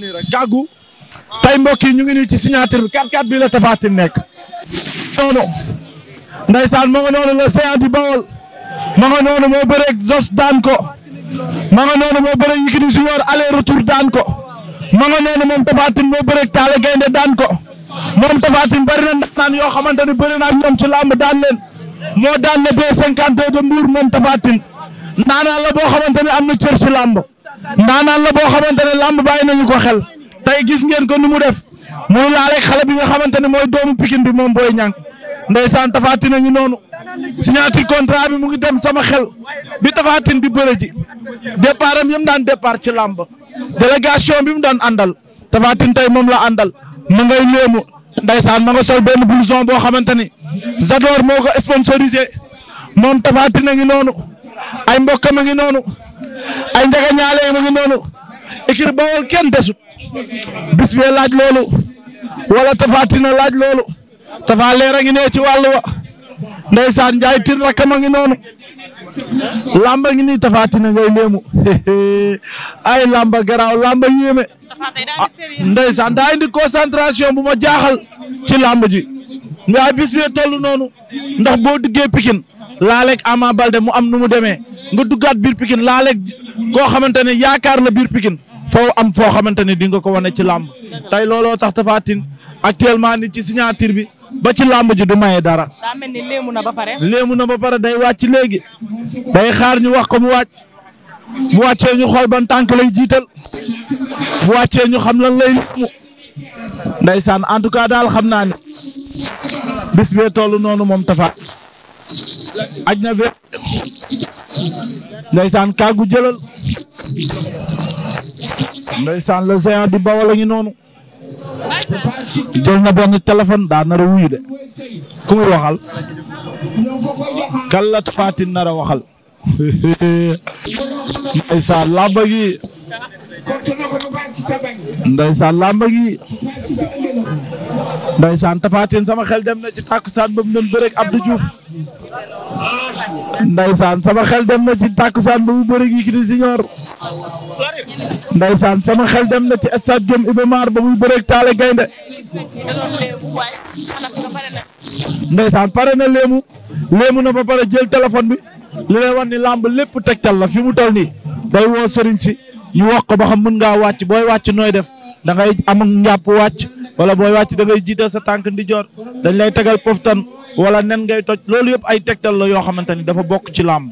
nii rek gàggu tey yi ñu ngi nii ci signature bi 4-4 bii nekk. noonu ndeysaan ma nga noonu la séant di Bawol ma nga noonu moo bëreeg Zos daan ko ma nga noonu moo bëreeg Yékini Junior aller retour daan ko ma noonu moom Tapha moo bëreeg Talla Gaynde daan ko moom Tapha Tine bari na ndaxtaan yoo xamante ne bëri na ak ñoom ci làmb daan leen moo daan ne B52 de Mbour moom xamante ne am na cër ci làmb. ndaanaan la boo xamante ne làmb bàyyi nañu ko xel tey gis ngeen ko nu mu def muy laaleeg xale bi nga xamante ne mooy doomu pikin bi moom booy ñang ndeysaan tafaatin nañu noonu signature contrat bi mu ngi dem sama xel bi tafaatin di bëre ji départ am yëm daan départ ci làmb délégation bi mu daan àndal tafaatin tey moom la àndal mu ngay léemu ndeysaan ma nga sol benn blouson boo xamante ni Zador moo ko sponsorisé moom tafaatin a ngi noonu ay mbokkam a ngi noonu ay njëkk a ngi noonu écurie Bawol kenn desut bis laaj loolu wala Tapha Tine laaj loolu Tapha Leer ngi nee ci wàll wa ndeysaan Njaay Tine rakkam ngi noonu lamba ngi nii Tapha Tine ngay léemu ay lamba garaaw lamba yéeme ndeysaan daa indi concentration bu ma jaaxal ci lamb ji waaye bis bee noonu ndax boo duggee Pikine laaleeg Ama Balde mu am nu mu demee nga duggaat biir Pikine laaleeg koo xamante ne yaakaar la biir pikin foo am foo xamante ne di nga ko wane ci làmb tey looloo tax Tapha Tine actuellement ni ci signature bi ba ci làmb ji du maye dara. daa mel ni léemu na ba pare. léemu na ba pare day wàcc léegi day xaar ñu wax ko mu wàcc mu wàccee ñu xool ba tànk lay jiital mu wàccee ñu xam lan lay léemu ndeysaan en tout cas daal xam naa ne bis bee toll noonu moom Tapha. aj na wér ndeysaan kàggu jëlal ndeysaan le géant di bawal a noonu jël na benn téléphone daa nar a wuyu de ku waxal kan la Fatin nar a waxal ndeysaan làmba gi ndeysaan làmba gi ndeysaan Tapha Tine sama xel dem na ci tàkkusaan ba mu doon bëreeg Abdou Diouf Ndeysaan sama xel dem na ci takkusaan bu mu bëri gi Yékini Junior. Ndeysaan sama xel dem na ci stade Jom Iba Mar ba muy bëreeg Taale Gaynde. Ndeysaan pare na léemu léemu na ba pare jël téléphone bi li lay wan ni làmb lépp tegtal la fi mu toll nii day woo sëriñ si ñu wax ba xam mun ngaa wàcc booy wàcc nooy def da am njàpp wàcc. wala booy wàcc da ngay jiital sa tànk ndijoor dañ lay tegal poftan wala nen ngay toj loolu yëpp ay tegtal la yoo xamante ni dafa bokk ci làmb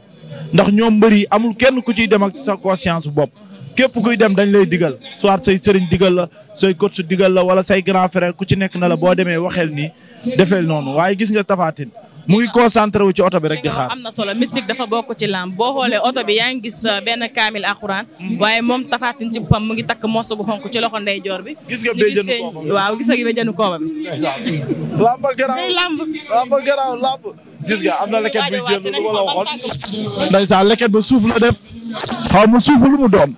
ndax ñoom mbër yi amul kenn ku ciy dem ak sa conscience bopp képp kuy dem dañ lay digal soit say sëriñ digal la say coach digal la wala say grand frère ku ci nekk na la boo demee waxeel nii defee noonu waaye gis nga tafaatin mu ngi concentré wu ci oto bi rek di xaar am na solo mystique dafa bokk ci lamb boo xoolee oto bi yaa ngi gis uh, benn kaamil alxuraan mm-hmm. waaye moom tafaatin ci boppam mu ngi takk morso bu xonk ci loxo ndeyjoor bi gis nga bee jënu kooba bi waaw gis nga bee jënu kooba bi lamba garaaw lamba garaaw lamb gis nga am na leket buy génn la ba suuf la def xaw ma suuf lu mu doon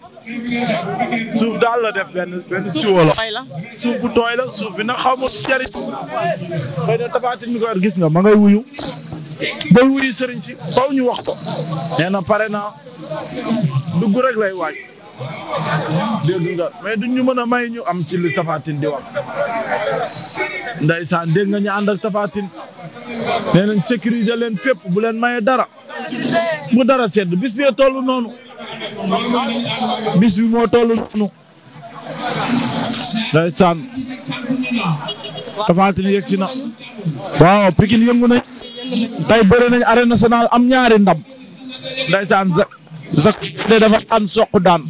suuf daal la def benn benn siwo la suuf bu tooy la suuf bi na xaw ma jëriñ xëy na tabaatin mi ko war gis nga ma ngay wuyu bay wuyu sëriñ si faw ñu wax ko na pare na dugg rek lay waaj dégg nga mais duñ ñu mën a may ñu am ci li Tafatine di wax ndeysaan dégg nga ñu ànd ak Tafatine nee nañ sécuriser leen fépp bu leen maye dara bu dara sedd bis bee toll noonu bis bi moo toll noonu. ndeysaan. Tapha Tine yegg si na. waaw Pikine yëngu nañ. tey bëri nañ arène nationale am ñaari ndam. ndeysaan Zak Zak de dafa daan soq daan.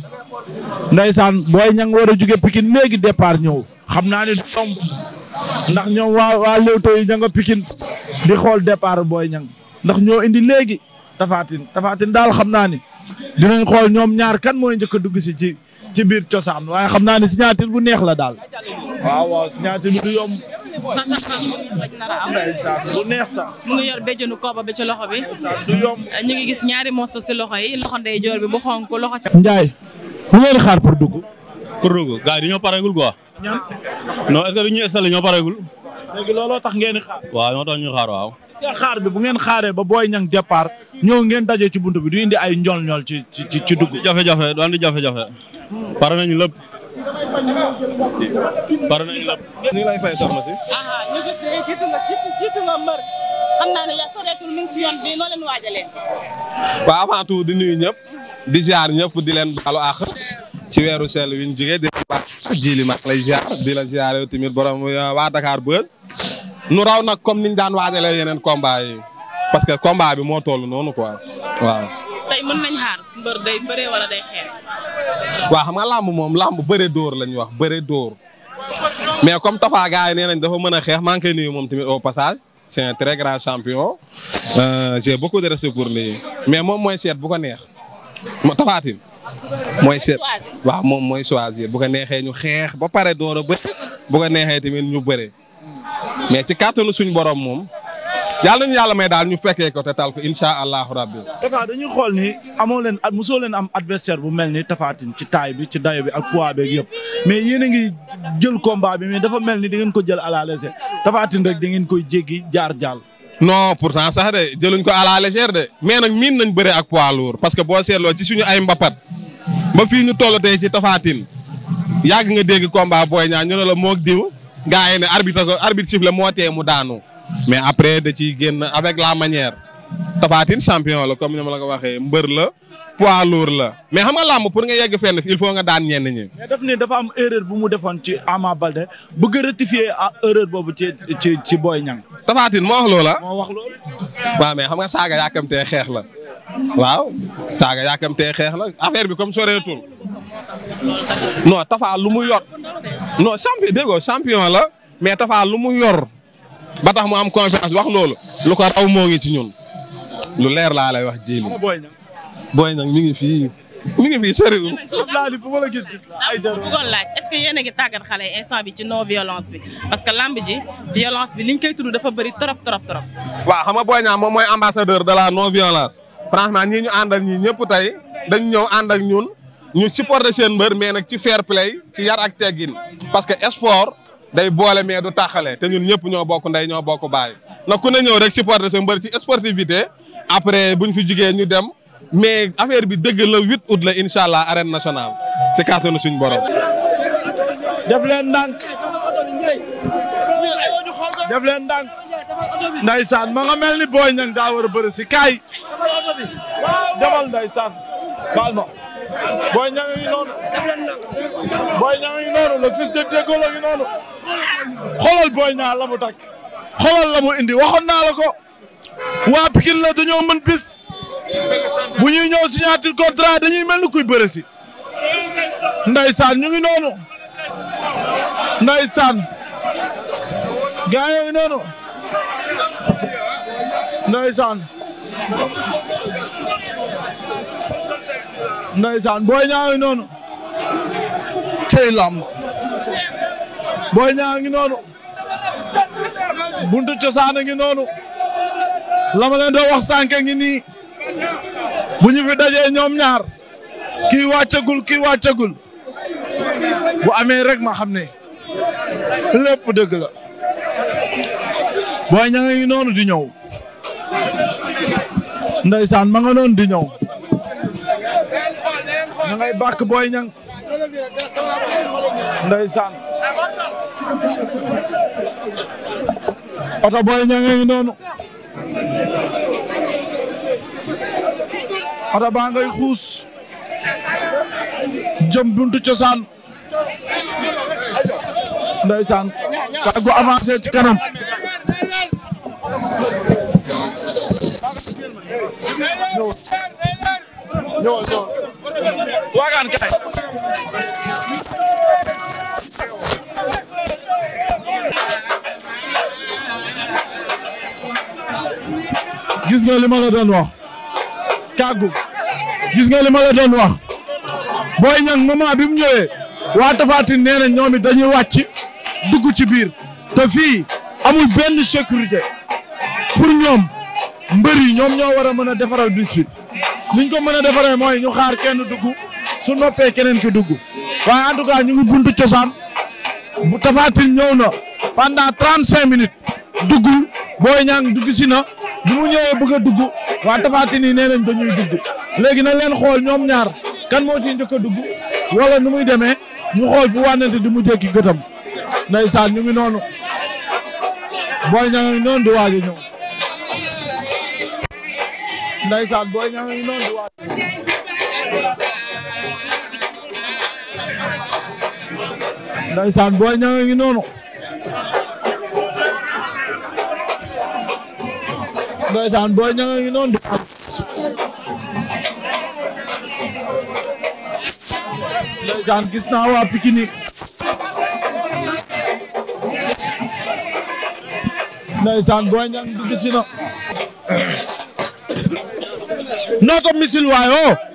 ndeysaan booy ña nga war a jóge Pikine léegi départ ñëw. xam naa ne ñoom ndax ñëw waa waa Leewtoo yi ña nga di xool départ booy ñang ndax ñoo indi léegi. Tafatin Tafatin daal xam naa ni dinañ xool ñoom ñaar kan mooy njëkk a dugg si ci biir cosaan waaye xam naa ne signature bu neex la daal waaw waaw signature du yomb. neex sax. mu ngi yor béjjënu kooba bi ci loxo bi. du yomb ñu ngi gis ñaari morceaux si loxo yi loxo ndeyjoor bi bu xonk loxo. Ndiaye lu ngeen xaar pour dugg. pour dugg gars yi dañoo pareegul quoi. ñaan non est du ñuy ñoo pareegul. léegi looloo tax ngeen di xaar. waaw ñoo ñu xaar xaar bi bu ngeen xaaree ba booy ñang départ ñëw ngeen daje ci bunt bi du indi ay njool-njool ci ci ci dugg. jafe-jafe du andi jafe-jafe. pare nañu lépp. pare nañu lépp. ñu ngi lay fay soxna si. ah, ah ñu gis ne jiitu xam naa ne yaa mu ci yoon bi noo leen waajalee. waaw avant di nuyu ñëpp. di ziar ñëpp di leen baalu àq ci weeru sel wi ñu jili maa lay ziar di la ziar yow tamit borom euh, waa Dakar Buzz nu raw nag comme niñ daan waajalee yeneen combat parce que combat bi moo toll noonu quoi waaw. tey mën nañ xaar mbër day bëree wala day xeex. waaw xam nga làmb moom làmb bëre dóor la ñuy wax bëre dóor mais comme Tafa gars yi nee nañ dafa mën a xeex maa ni moom tamit au passage c'est un très grand champion. Euh, j'ai beaucoup de respect pour lui mais moom mooy seet bu ko neex ma Tapha mooy seet waaw moom mooy choisir bu ko neexee ñu xeex ba pare door a bëri bu ko neexee tamit ñu bëre mais ci kàttanu suñ borom moom yàlla ñu yàlla may daal ñu fekkee ko te taal ko incha allahu rabbi. Tafa xool ni amoo leen at mosoo leen am adversaire bu mel ni Tapha ci taay bi ci dayo bi ak poids beeg yëpp mais yéen a ngi jël combat bi mais dafa mel ni di ngeen ko jël à la rek di ngeen koy jéggi jaar jaal. non pourtant sax de jëluñ ko à la de mais nag miin nañ bëre ak poids lourd parce que boo seetloo ci suñu ay mbapat. ba fii ñu toll tey ci tafaatin yàgg nga dégg combat booy Niang ñu ne la moo diw gaa yi ne arbitre ko arbitre siffle moo tee mu daanu mais après da ciy génn avec la manière tafaatin champion la comme ni ma la ko waxee mbër la poids lourd la mais xam nga làmb pour nga yegg fenn fi il faut nga daan ñenn ñi. mais daf ne dafa am erreur bu mu defoon ci Ama Baldé bëgg rectifier erreur boobu ci ci ci booy Niang. tafaatin moo wax loola. moo mais xam nga saaga yàkkamtee xeex la. waaw saaga yaakamtee xeex la affaire bi comme sore soreetul non Tafa lu mu yor non champion déggoo la mais Tafa lu mu yor ba tax mu am confiance wax loolu lu ko raw moo ngi ci ñun lu leer laa lay wax jéeli. booy nag mi ngi fii mi ngi fii soriwul. laaj bu ma la gis ay jarul. bëggoon laaj est-ce que yéen a ngi tàggat xale yi instant bi ci non violence bi parce que lamb ji violence bi liñ koy tudd dafa bëri trop trop trop. waaw xam nga booy ñaa moom mooy ambassadeur de la non violence. franchement ñii ñu àndal ñi ñëpp tey dañ ñëw ànd ak ñun ñu supporter seen mbër mais nag ci fair play ci yar ak teggin parce que sport day boole mais du taxale te ñun ñëpp ñoo bokk ndey ñoo bokk baay na ku ne ñëw rek supporter seen mbër ci sportivité après buñ fi jugee ñu dem mais affaire bi dëgg la huit août la incha allah arène nationale ci kàttanu suñ borom. def leen ndànk def leen ndànk. ndaysaan ma nga mel ni booy ñang daa war a si kaay. demal ndeysaan baal ma Boy Niang ngi noonu Boy Niang ngi noonu le fils de Déggo la ngi noonu xoolal Boy Niang la mu takk xoolal la indi waxoon naa la ko waa Pikine la dañoo mën bis bu ñuy ñëw signature contrat dañuy mel ni kuy bëre si ndeysaan ñu ngi noonu ndeysaan gaa yi ngi noonu ndeysaan Ndeysaan booy ñaa ngi noonu. cey lamb. booy ñaa ngi noonu. buntu cosaan ngi noonu. la ma leen doo wax sànq ngi ni bu ñu dajee ñoom ñaar. ki wàccagul kii wàccagul. bu amee rek ma xam ne. lépp dëgg la. booy ñaa ngi noonu di ñëw. saan ma nga noonu di ñëw na ngay bàkk booy ñang ndeysaan oto booy ñang noonu oto baa ngay xuus jëm buntu cosaan ndeysaan ka gu avancé ci kanam ñëwal kay. gis nga li ma la doon wax. gis nga li ma wax. Boy Niang moment bi mu ñëwee. waa Tapha Tine nee dañuy wàcc dugg ci biir. te fii amul benn sécurité. pour ñoom. mbër yi ñoom ñoo war a mën a defaral bis bi liñ ko mën a defaree mooy ñu xaar kenn dugg su noppee keneen ki dugg waaye en tout ñu ngi buntu cosaan bu tafaatin ñëw na pendant trente cinq minutes dugg booy ñang dugg si na bu mu ñëwee bugg a dugg waa tafaatin yi nee nañ dañuy dugg léegi na leen xool ñoom ñaar kan moo ci njëkk a dugg wala nu muy demee ñu xool fu wànnante di mu jékki gëtam ndeysaan ñu ngi noonu booy ñang noonu di waaj a ndaysaan booy ña ngi noonu di waaj ndaysaan booy ña ngi noonu ndaysaan booy ña ngi noonu di waaj gis na noo ko misil waay oo oh!